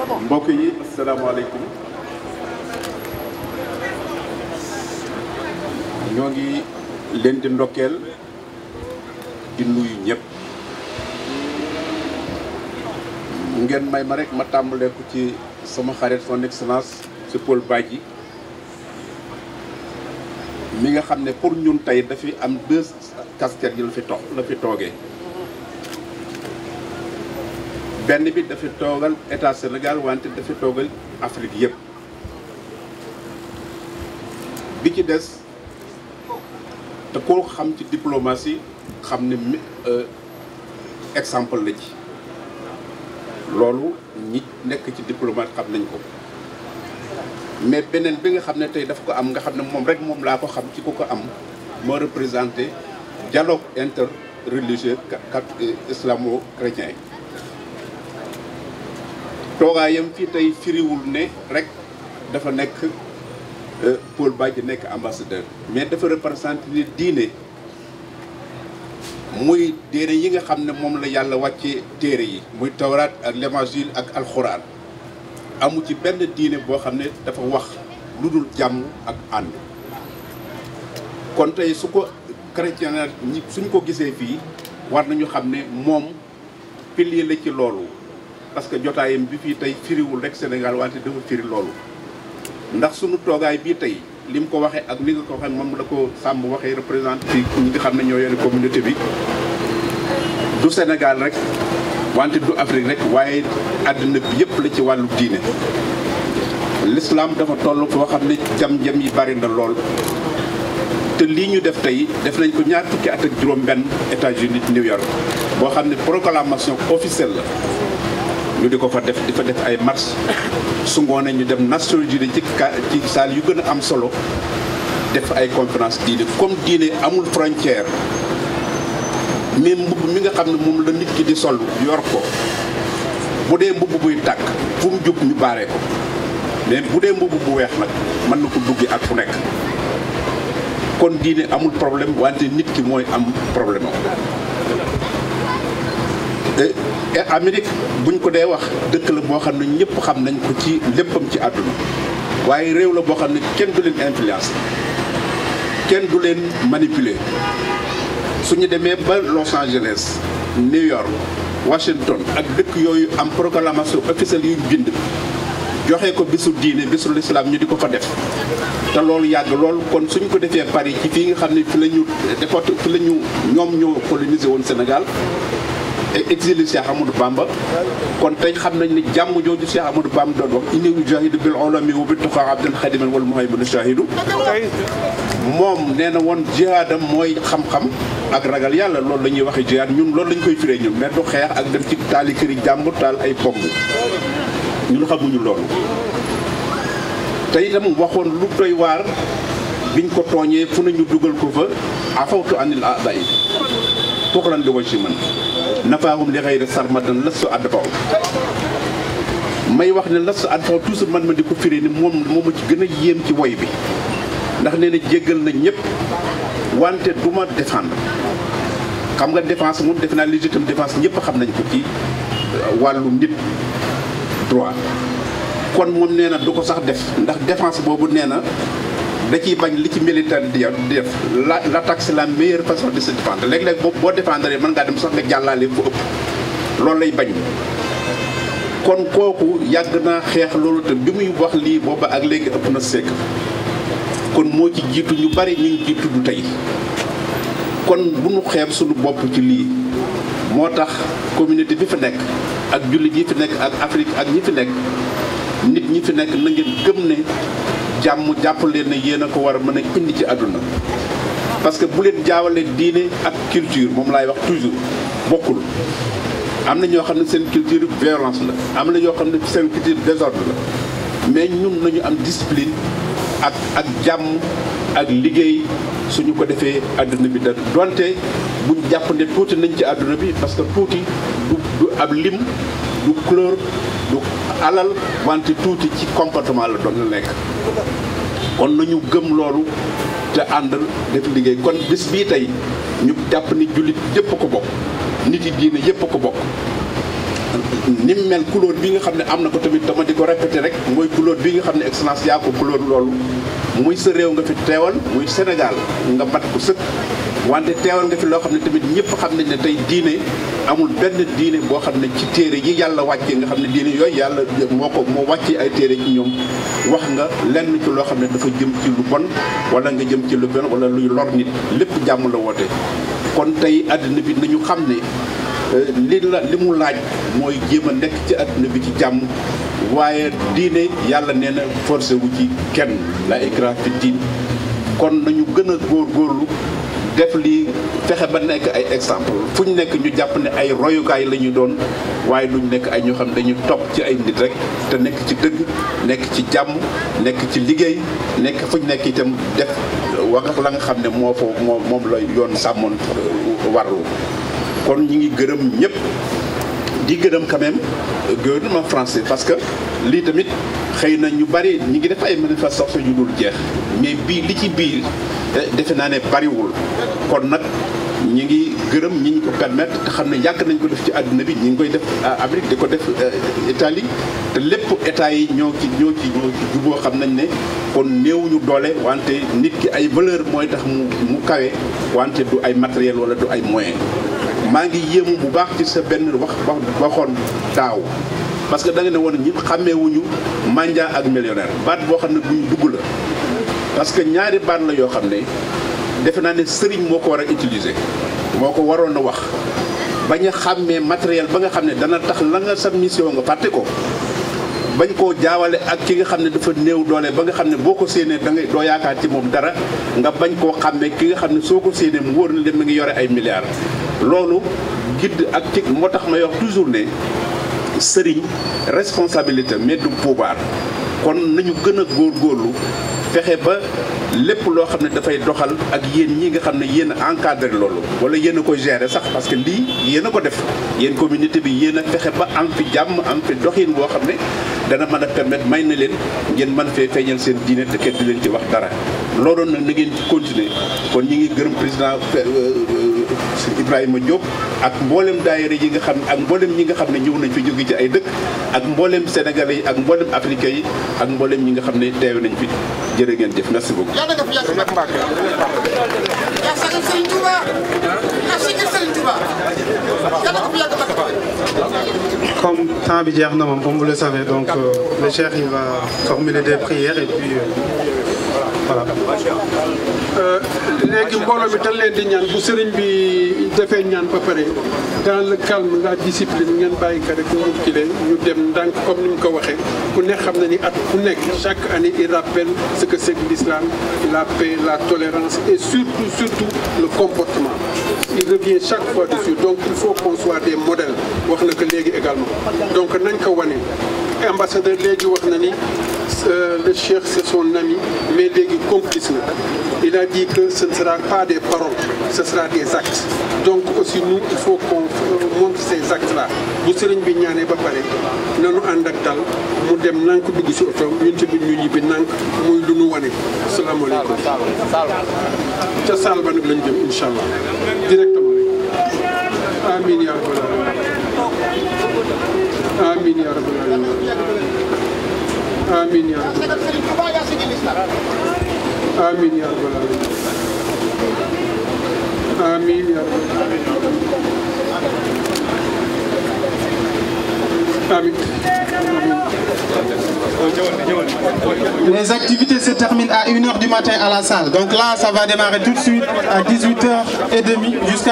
mbokk yi asalaamaaleykum ñoo ngi leen di ndokkeel di nuyu mu ngeen may ma rek ma tàmbalee ci sama xarit son excellence ci Paul Badji mi nga xam ne pour ñun tey dafi am deux casquettes yi la fi toog la fi toogee benn bi dafa toogal état Sénégal wante dafa toogal Afrique yëpp bi ci des te koo xam ci diplomatie xam ne mi euh, exemple la ci loolu ñi nekk ci diplomate xam nañ ko mais beneen bi nga xam ne tey dafa ko am nga xam ne moom rek moom laa ko xam ci ko ko am moo représenté dialogue interreligieux euh, islamo yi toogaayam fii tey firiwul ne rek dafa nekk euh, Paul Badji nekk ambassadeur mais dafa représenté ni diine muy téere yi nga xam ne moom la yàlla wàcce téere yi muy tawraat ak l'évangile ak alxuraan amu ci benn diine boo xam ne dafa wax lu dul jàmm ak ànd kon tey su ko chrétien suñ ko gisee fii war nañu xam ne moom pilier la ci loolu parce que jotaayam bi fii tey firiwul rek Sénégal wante dafa firi loolu ndax sunu toogaay bii tey li mu ko waxee ak li nga ko waxee moom la ko sàmm waxee représenté ñi ngi xam na ñoo yore communauté bi du Sénégal rek wante du Afrique rek waaye àddina bi yëpp la ci wàllu diine l'islam dafa toll foo xam ne jam-jam yi bari na lool te lii ñu def tey def nañ ko ñaar fukki at ak juróom benn États-Unis New York boo xam ne proclamation officielle la ñu di ko fa def di fa def ay marche su ngoonee ñu dem Nations Unies ci ci salle yu gën a am solo def ay conférence diine comme diine amul frontière mais mbubb mi nga xam ne moom la nit ki di sol yor ko bu dee mbubb buy tàkk fu mu jub ñu baaree ko mais bu dee mbubb bu weex nag mën na ko duggi ak fu nekk kon diine amul problème wante nit ki mooy am problème Amérique buñ ko dee wax dëkk la boo xam ne ñëpp xam nañ ko ci léppam ci àdduna waaye réew la boo xam ne kenn du leen influence kenn du leen manipuler suñu demee ba Los Angeles New York Washington ak dëkk yooyu am proclamation officielle yu bind joxe ko bisu diine bésu lislaam ñu di ko fa def te loolu yàgg lool kon suñ ko defee Paris ci fii nga xam ne fi la ñu defoot fi la ñu ñoom ñoo colonisé woon senegal E- exilé Cheikh Amadou Bamba kon tey xam nañ ne jàmm jooju Cheikh Amadou Bamba doon wax inni ujahidu bil ulami wa bi tuqa abdul xadiman wal muhaymin moom nee na woon jihaadam mooy xam-xam ak ragal yàlla loolu la ñuy waxe jihaad ñun loolu lañ koy firee ñun mais du xeex ak def ci taali këri jàmbur taal ay pomb ñun xamuñu loolu te itam waxoon lu doy waar biñ ko tooñee fu nañu dugal ko fa afawtu anil aday foofu lan di wañ si man nafaa nafaahum li xayri sarmadan lastu adfaw may wax ne lastu adfaw toujours man ma di ko firi ni moom moo ma ci gën a yéem ci woy bi ndax nee na jéggal nañ ñëpp wante du ma défendre xam nga défense moom defe naa légitime défense ñëpp xam nañ ko ci euh, wàllu nit droit kon moom nee na du ko sax def ndax défense boobu nee na da ciy bañ li ci militaire di def la l'attaque c'est la meilleure façon de se défendre léeg-léeg boo boo défendre mën ngaa dem sax nga jàllaale fu ëpp loolu lay bañ kon kooku yàgg naa xeex loolu te bi muy wax lii booba ak léegi ëpp na sekk kon moo ci jiitu ñu bari ñu ngi ciy tey kon bu ñu xeeb suñu bopp ci lii moo tax communauté bi fi nekk ak jullit yi fi nekk ak Afrique ak ñi fi nekk nit ñi fi nekk na ngeen gëm ne jàmm jàpp leen ne yéen a ko war a mën a indi ci àdduna parce que bu leen jaawalee diine ak culture moom laay wax toujours bokkul am na ñoo xam ne seen culture violence la am na ñoo xam ne seen culture désordre la mais ñun nañu am discipline ak ak jàmm ak liggéey suñu ko defee àdduna bi da donte buñ jàpp ne tuuti nañ ci àdduna bi parce que tuuti du du ab lim du couleur du alal wante tuuti ci comportement la doon la nekk kon nañu gëm loolu te àndal def liggéey kon bés bii tey ñu jàpp ni jullit yëpp ko bokk nit yi diine yëpp ko bokk ni mel couleur bi nga xam ne am na ko tamit dama di ko répété rek mooy couleur bi nga xam ne excellence yaa ko couleur loolu muy sa réew nga fi teewal muy Sénégal nga bat ko sëkk wante teewal nga fi loo xam ne tamit ñëpp xam nañ ne tey diine amul benn diine boo xam ne ci téere yi yàlla wàccee nga xam ne diine yooyu yàlla moo ko moo wàccee ay téere ci ñoom wax nga lenn ci loo xam ne dafa jëm ci lu bon wala nga jëm ci lu bon wala luy lor nit lépp jàmm la woote kon tey àddina bi nañu xam ne euh, li la li mu laaj mooy jéem a nekk ci àddina bi ci jàmm waaye diine yàlla nee na forcé wu ci kenn la ikra fi kon nañu gën a góor góorlu def lii fexe ba nekk ay exemple fu ñu nekk ñu jàpp ne ay royukaay la ñu doon waaye duñ nekk ay ñoo xam ne dañu topp ci ay nit rek te nekk ci dëgg nekk ci jàmm nekk ci liggéey nekk fu ñu nekk itam def wax la nga xam ne moo fa moom la yoon sàmmoon euh, warlu kon ñu ngi gërëm ñëpp di gërëm quand même euh, gouvernement français parce que lii tamit xëy na ñu bari ñi ngi def ay manifestation yu dul jeex mais bii li ci biir eh, defe naa ne bariwul kon nag ñi ngi gërëm ñi ñu ko permettre te xam ne yàgg nañ ko def ci àdduna bi ñi ngi koy def Amérique di ko def euh, Italie te lépp état yi ñoo ci ñoo ci ñoo juboo xam nañ ne kon néewuñu doole wante nit ki ay valeur mooy tax mu mu kawe wante du ay matériel wala du ay moyen maa ngi yéemu bu baax ci sa benn wax ba waxoon taaw parce que da ne woon ñi xàmmeewuñu mandia ak millionnaire baat boo xam ne bu dugg la parce que ñaari baat la yoo xam ne defe naa ne sëriñ moo ko war a utiliser moo ko waroon a wax bañ a xàmmee matériel ba nga xam ne dana tax la nga sa mission nga fàtte ko bañ koo jaawale ak ki nga xam ne dafa néew doole ba nga xam ne boo ko séenee da ngay doo yaakaar ci moom dara nga bañ koo xàmmee ki nga xam ne soo ko séenee mu wóor na dem mi ngi yore ay milliards loolu gidd ak ci moo tax may wax toujours ne sëriñ responsabilité mais du pouvoir kon nañu gën a góorgóorlu fexe ba lépp loo xam ne dafay doxal ak yéen ñi nga xam ne yéen a encadré loolu wala yéen ko géré sax parce que lii yéen a ko def yéen communauté bi yéen a fexe ba am fi jàmm am fi doxin boo xam ne dana mën a permettre may na leen ngeen mën fee feeñal seen diine te kenn du leen ci wax dara loolu na ngeen ci continuer kon ñi ngi gërëm président euh, Ibrahima Diop ak mboolem daayira yi nga xam ak mboolem ñi nga xam ne ñëw nañ fi jóge ci ay dëkk ak mboolem sénégalais yi ak mboolem africains yi ak mboolem ñi nga xam ne teew nañ fi jërë ngeen jëf merci beaucoup. yàlla nga fi yàgg nag Mbacke. yaa sagal Serigne Touba yaa sagal Serigne Touba yàlla nga fi yàgg nag. comme temps bi jeex na moom comme vous le savez donc euh, le cheikh il va formuler des prières et puis. Euh, voilà léegi mbooloo mi dañ di ñaan bu sëriñ bi defee ñaan ba pare dans le calme la discipline ngeen bàyyi ka rek mu ci leen ñu dem ndànk comme ni mu ko waxee ku nekk xam na ni at ku nekk chaque année il rappelle ce que c'est l'islam la paix la tolérance et surtout surtout le comportement il revient chaque fois dessus donc il faut qu'on soit des modèles wax na ko léegi également donc nañ ko wane ambassadeur léegi wax na ni euh, le Cheikh c'est son ami mais léegi complice la il a dit que ce ne sera pas des paroles ce sera des donc aussi nous il faut qu'on euh, montre ces actes là bu sëriñ bi ñaanee ba pare nanu ànd ak dal mu dem nank dugg ci oto ñun tamit ñu ñibbi nank muy lu nu wane salaamaaleykum ca saal ba nag lañ jëm incha allah directement amin yaa آمين يا رب العالمين آمين يا رب العالمين آمين يا رب العالمين آمين يا رب العالمين آمين Les activités se terminent à 1h du matin à la salle. Donc là, ça va démarrer tout de suite à 18h30 jusqu'à